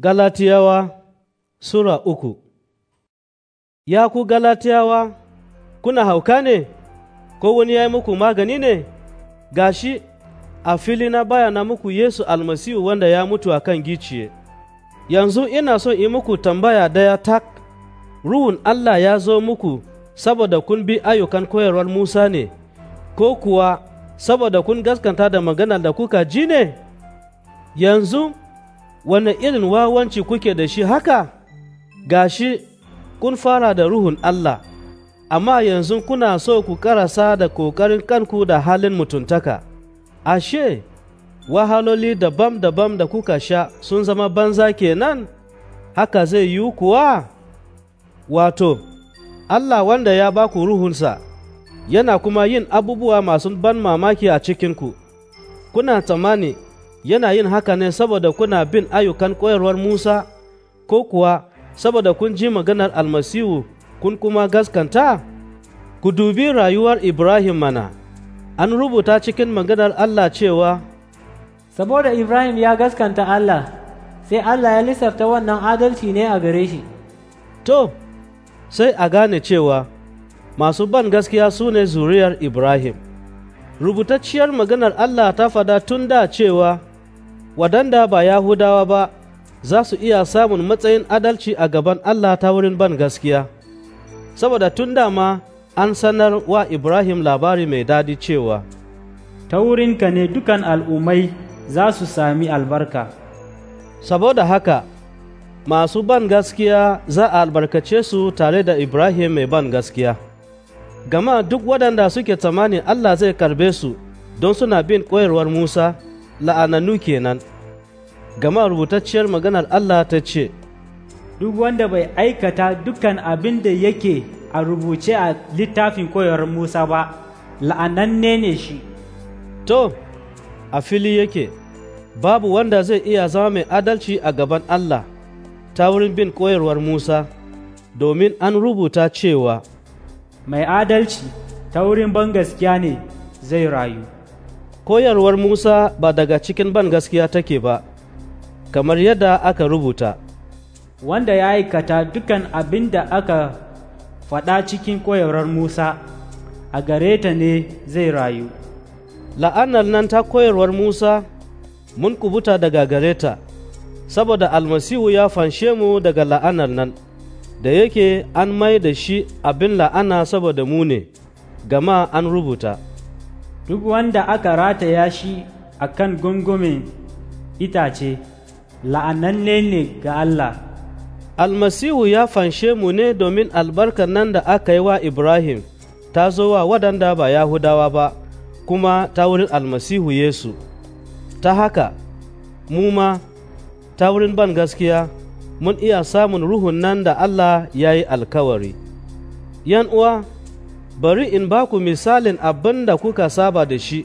Galatiyawa Sura uku Ya ku Galatiyawa, kuna hauka ne, ko wani ya yi muku magani ne, gashi a fili na baya na muku Yesu almasihu wanda ya mutu a kan giciye. Yanzu ina so yi muku tambaya daya tak, Ruhun Allah ya zo muku saboda kun bi ayyukan koyarwar Musa ne, ko kuwa saboda kun gaskanta da maganar da kuka ji ne? Yanzu wani irin wawanci kuke da shi haka Ga shi kun fara da ruhun Allah amma yanzu kuna so ku karasa da ƙoƙarin kanku da halin mutuntaka ashe wahaloli daban-daban da kuka sha sun zama banza kenan haka zai yi kuwa wato Allah wanda ya ba ku ruhunsa yana kuma yin abubuwa masu ban mamaki a cikinku kuna tsammani yana yin haka ne saboda kuna bin ayyukan koyarwar Musa, ko kuwa saboda kun ji maganar almasihu kun kuma gaskanta? Ku dubi rayuwar Ibrahim mana, an rubuta cikin maganar Allah cewa, Saboda Ibrahim ya gaskanta Allah, sai Allah ya lissafta wannan adalci ne a gare shi. To, sai a gane cewa masu ban gaskiya su ne zuriyar Ibrahim. Rubutacciyar maganar Allah ta fada tun da cewa waɗanda ba Yahudawa ba za su iya samun matsayin adalci a gaban Allah ta wurin ban gaskiya, saboda tun dama an sanar wa Ibrahim labari mai dadi cewa, Ta wurinka ne dukan al'ummai za su sami albarka. Saboda haka, masu ban gaskiya za a albarkace su tare da Ibrahim mai ban gaskiya. Gama duk waɗanda suke tsammani Allah zai karbe su don suna bin koyarwar Musa. La'ananu kenan gama rubutacciyar maganar Allah ta ce duk wanda bai aikata dukkan abin da yake a rubuce a littafin koyar Musa ba la'ananne ne shi to a fili yake babu wanda zai iya zama mai adalci a gaban Allah ta wurin bin koyarwar Musa domin an rubuta cewa mai adalci ta wurin ban gaskiya ne zai rayu koyarwar Musa ba daga cikin ban gaskiya take ba, kamar yadda aka rubuta. Wanda ya aikata dukan abin da aka faɗa cikin koyarwar Musa, a gare ta ne zai rayu. La'anar nan ta koyarwar Musa mun kubuta daga gare ta, saboda almasihu ya fanshe mu daga la'anar nan, da yake an mai da shi abin la'ana saboda mu ne, gama an rubuta. duk wanda aka rataya shi a kan gungumin itace la'ananne ne ga Allah. Almasihu ya fanshe mu ne domin albarkar nan da aka yi wa Ibrahim ta zo wa waɗanda ba Yahudawa ba kuma ta wurin almasihu Yesu. Ta haka, mu ma ta wurin ban gaskiya mun iya samun ruhun nan da Allah ya yi alkawari. uwa. bari in ba ku misalin abin da kuka saba da shi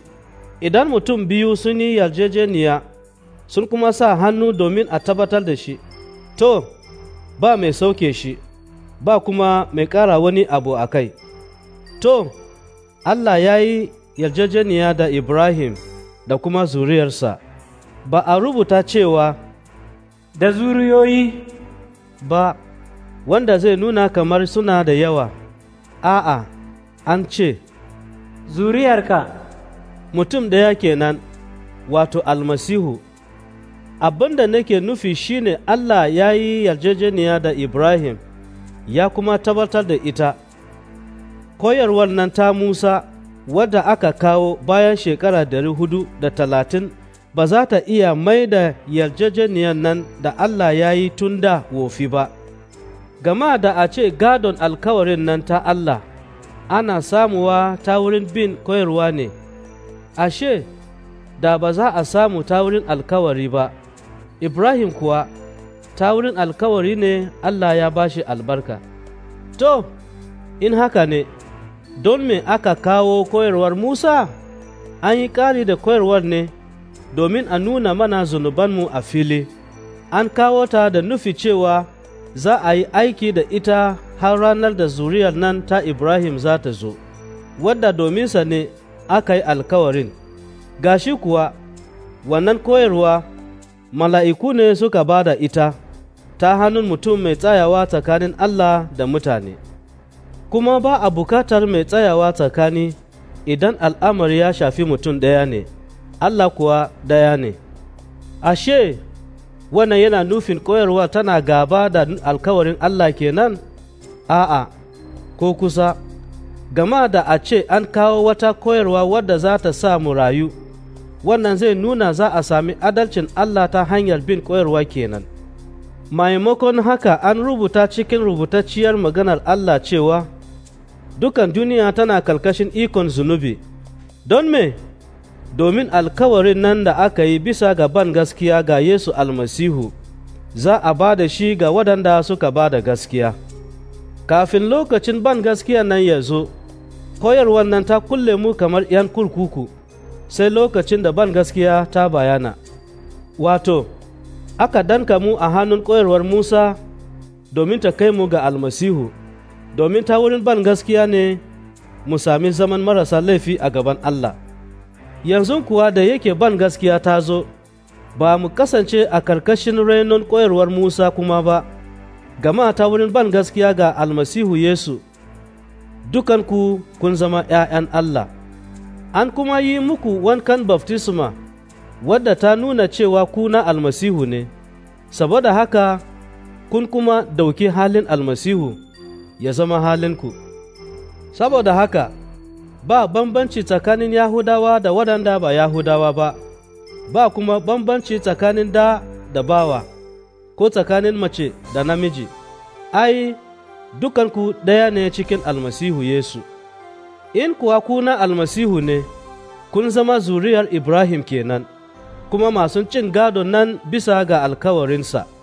idan mutum biyu sun yi yarjejeniya sun kuma sa hannu domin a tabbatar da shi to ba mai sauke shi ba kuma mai ƙara wani abu a kai to allah ya yi yarjejeniya da ibrahim da kuma zuriyarsa ba a rubuta cewa da zuriyoyi ba wanda zai nuna kamar suna da yawa a'a an ce, Zuriyarka mutum ɗaya kenan, wato almasihu, abin da nake nufi shine Allah ya yi yarjejeniya da Ibrahim ya kuma tabbatar da ita. Koyarwar nan ta Musa wadda aka kawo bayan shekara dari hudu da talatin ba za ta iya mai da yarjejeniyar nan da Allah ya yi tun da wofi ba, gama da a ce gadon alkawarin nan ta Allah. ana samuwa ta wurin bin koyarwa ne, ashe, da ba za a samu ta wurin alkawari ba, Ibrahim kuwa ta wurin alkawari ne Allah ya bashi albarka. To, in haka ne, don me aka kawo koyarwar Musa? An yi ƙari da koyarwar ne domin a nuna mana zunubanmu a fili, an kawo ta da nufi cewa za a yi aiki da ita har ranar da zuriyar nan ta Ibrahim za ta zo, wadda dominsa ne aka yi alkawarin. Gashi kuwa, wannan koyarwa mala'iku ne suka ba da ita ta hannun mutum mai tsayawa tsakanin Allah da mutane, kuma ba a bukatar mai tsayawa tsakani idan al'amari ya shafi mutum ɗaya ne, Allah kuwa ɗaya ne. Ashe, wannan yana nufin koyarwa tana gaba da alkawarin Allah kenan? a'a ko kusa gama da a ce an kawo wata koyarwa wadda za ta sa mu rayu wannan zai nuna za a sami adalcin Allah ta hanyar bin koyarwa kenan maimakon haka an rubuta cikin rubutacciyar maganar Allah cewa dukan duniya tana kalkashin ikon zunubi don me domin alkawarin nan da aka yi bisa ga ban gaskiya ga Yesu almasihu za a ba da shi ga waɗanda suka ba da gaskiya. kafin lokacin ban gaskiya nan ya zo koyarwar nan ta kulle mu kamar 'yan kurkuku sai lokacin da ban gaskiya ta bayana wato aka danka mu a hannun koyarwar musa domin ta kai mu ga almasihu domin ta wurin ban gaskiya ne mu sami zaman marasa laifi a gaban allah yanzu kuwa da yake ban gaskiya ta zo ba mu kasance a karkashin rainon koyarwar musa kuma ba gama ta wurin ban gaskiya ga almasihu Yesu, dukanku kun zama ’ya'yan Allah, an kuma yi muku wankan baftisma wadda ta nuna cewa ku na almasihu ne, saboda haka kun kuma dauki halin almasihu ya zama halinku. Saboda haka, ba bambanci tsakanin Yahudawa da waɗanda ba Yahudawa ba, ba kuma bambanci tsakanin da da bawa. ko tsakanin mace da namiji, ai, dukanku ɗaya ne cikin almasihu Yesu, in kuwa kuna almasihu ne, kun zama zuriyar Ibrahim kenan, kuma masu cin gado nan bisa ga alkawarinsa.